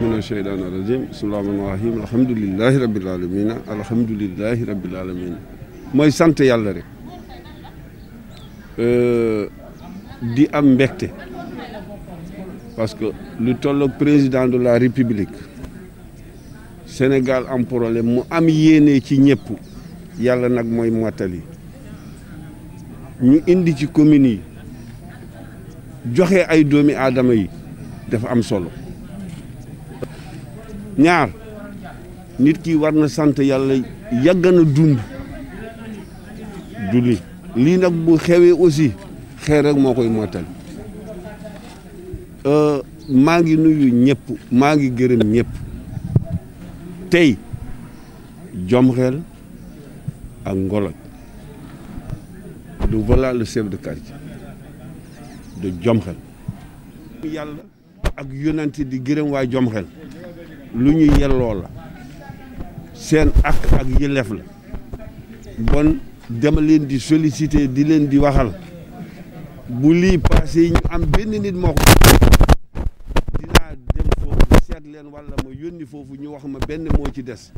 من الشيطان الرجيم بسم الله الرحمن الرحيم الحمد لله رب العالمين الحمد لله رب العالمين موي سانت يالا ريك ا دي ام بكتي باسكو لو تولوك بريزيدان دو لا ريبوبليك سينيغال ام بروبليم مو ام ييني سي نييب يالا ناك موي موتالي ني اندي سي كوميني جوخي اي دومي ادمي دافا ام سولو ñaar nit ki war na sant yàlla yàgg na dund julli lii nag bu xewee aussi xeer rek moo koy motal euh, maa ngi nuyu ñépp maa ngi gërëm ñëpp tey jom ak ngoloj de voilà le chef de quartier de jom yàlla ak yonante di gërëm waa jom lu ñu yelloo la seen ak ak yëleef la bon dama leen di solliciter di leen di waxal bu lii passé yi ñu am benn nit moo ko dinaa dem foofu seet leen walla ma yónni foofu ñu wax ma benn moo ci des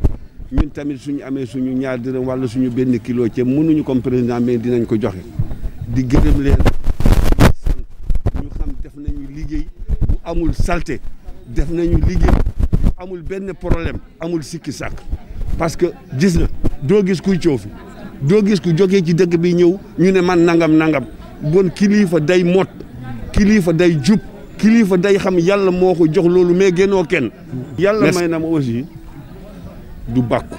ñun tamit suñu amee suñu ñaar dërëm walla suñu benn kilo ceeb mënuñu kom président mais dinañ ko joxe di gërëm leen ñu xam def nañu liggéey bu amul salte def nañu liggéey amul benn problème amul siki sàkk parce que gis na doo gis kuy coow fi doo gis ku jógee ci dëkk bi ñëw ñu ne man nangam nangam bon kilifa day mot kilifa day jub kilifa day xam yàlla moo ko jox loolu mais génnoo kenn. yàlla may na ma aussi du bàkku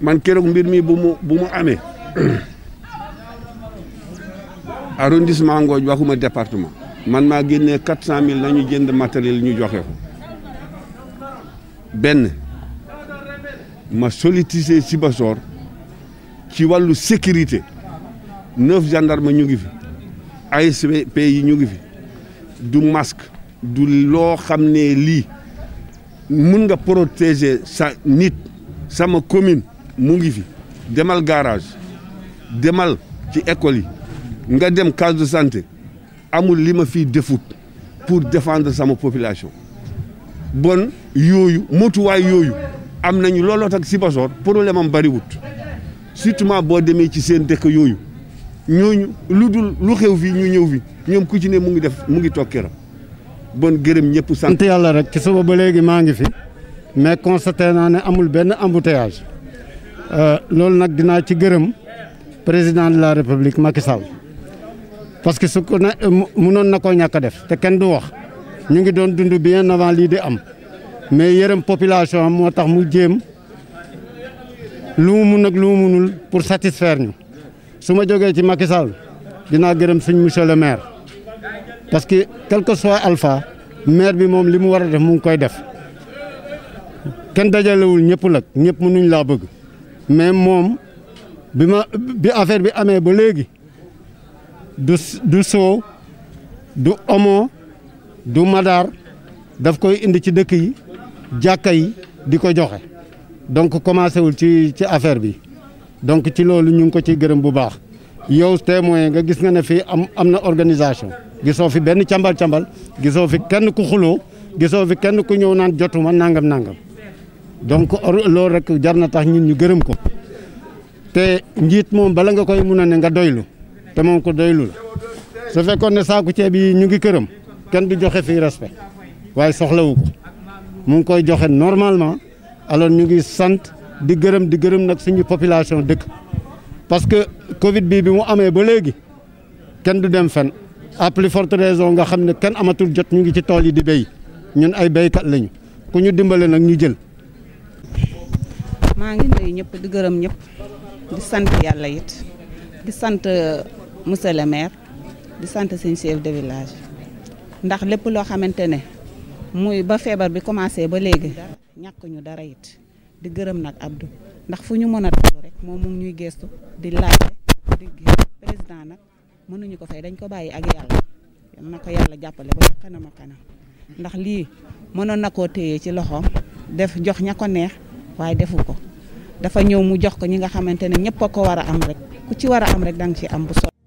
man keroog mbir mi bu mu bu mu amee arrondissement Ngooñ waxuma département man maa génnee quatre cent mille nañu jënd matériel ñu joxe ko benn ma sollicité sibasoor ci wàllu sécurité neuf gendarme ñu ngi fi ay ASP yi ñu ngi fi du masque du loo xam ne lii mun nga protéger sa nit sama commune mu ngi fi demal garage demal ci école yi nga dem case de santé amul li ma fi defut pour défendre sama population bon yooyu motuwaay yooyu am nañu looloo tax Sibassor problème am bariwut surtout boo demee ci seen dëkk yooyu ñooñu lu dul lu xew fii ñu ñëw fi ñoom ku ci mu ngi def mu ngi toog këram bon gërëm ñëpp sant yàlla rek ci suba ba léegi maa ngi fi mais constaté naa ne amul benn embouteillage euh, loolu nag dinaa ci gërëm président de la république Macky parce que su ko ne mënoon na koo def te kenn du wax ñu ngi doon dund bien avant lii di am mais yërëm population am moo tax mu jéem lu mu mun ak lu mu munul pour satisfaire ñu su ma jógee ci Macky Sall dinaa gërëm suñ monsieur le maire parce que quel que soit alpha maire bi moom li mu war a def mu ngi koy def kenn dajalewul ñëpp nag ñëpp mënuñ laa bëgg mais moom bi ma bi affaire bi amee ba léegi du du soo du omo du madaar daf koy indi ci dëkk yi jàkka yi di ko joxe donc commencé wul ci ci affaire bi donc ci loolu ñu ngi ko ciy gërëm bu baax yow témoin nga gis nga ne fii am am na organisation gisoo fi benn càmbal cambal gisoo fi kenn ku xuloo gisoo fi kenn ku ñëw naan jotuma nangam nangam donc loolu rek jar na tax ñun ñu gërëm ko te njiit moom bala nga koy mun a ne nga doylu te moom ko doylu la su fekkoon ne saaku ceeb yi ñu ngi kërëm kenn du joxe fii respect waaye soxlawu ko mu ngi koy joxe normalement alors ñu ngi sant di gërëm di gërëm nag suñu population dëkk parce que Covid bii bi mu amee ba léegi kenn du dem fenn à plus forte raison nga xam ne kenn amatul jot ñu ngi ci tool yi di béy ñun ay béykat lañu ku ñu dimbale nag ñu jël. maa ngi nuyu ñëpp di gërëm ñëpp di sant yàlla it di sant euh, monsieur le maire di sant suñu chef de village. ndax lépp loo xamante ne muy ba feebar bi commencé ba léegi ñàkk ñu dara yit di gërëm nag Abdou ndax fu ñu mën a toll rek moom mu ñuy gestu di laajte di président nag mënuñu ko fay dañ ko bàyyi ak yàlla yal na ko yàlla jàppale ba kanam a kanam ndax lii mënoon na koo téye ci loxoom def jox ña ko neex waaye defu ko dafa ñëw mu jox ko ñi nga xamante ne ñëpp a ko war a am rek ku ci war a am rek danga ci am bu so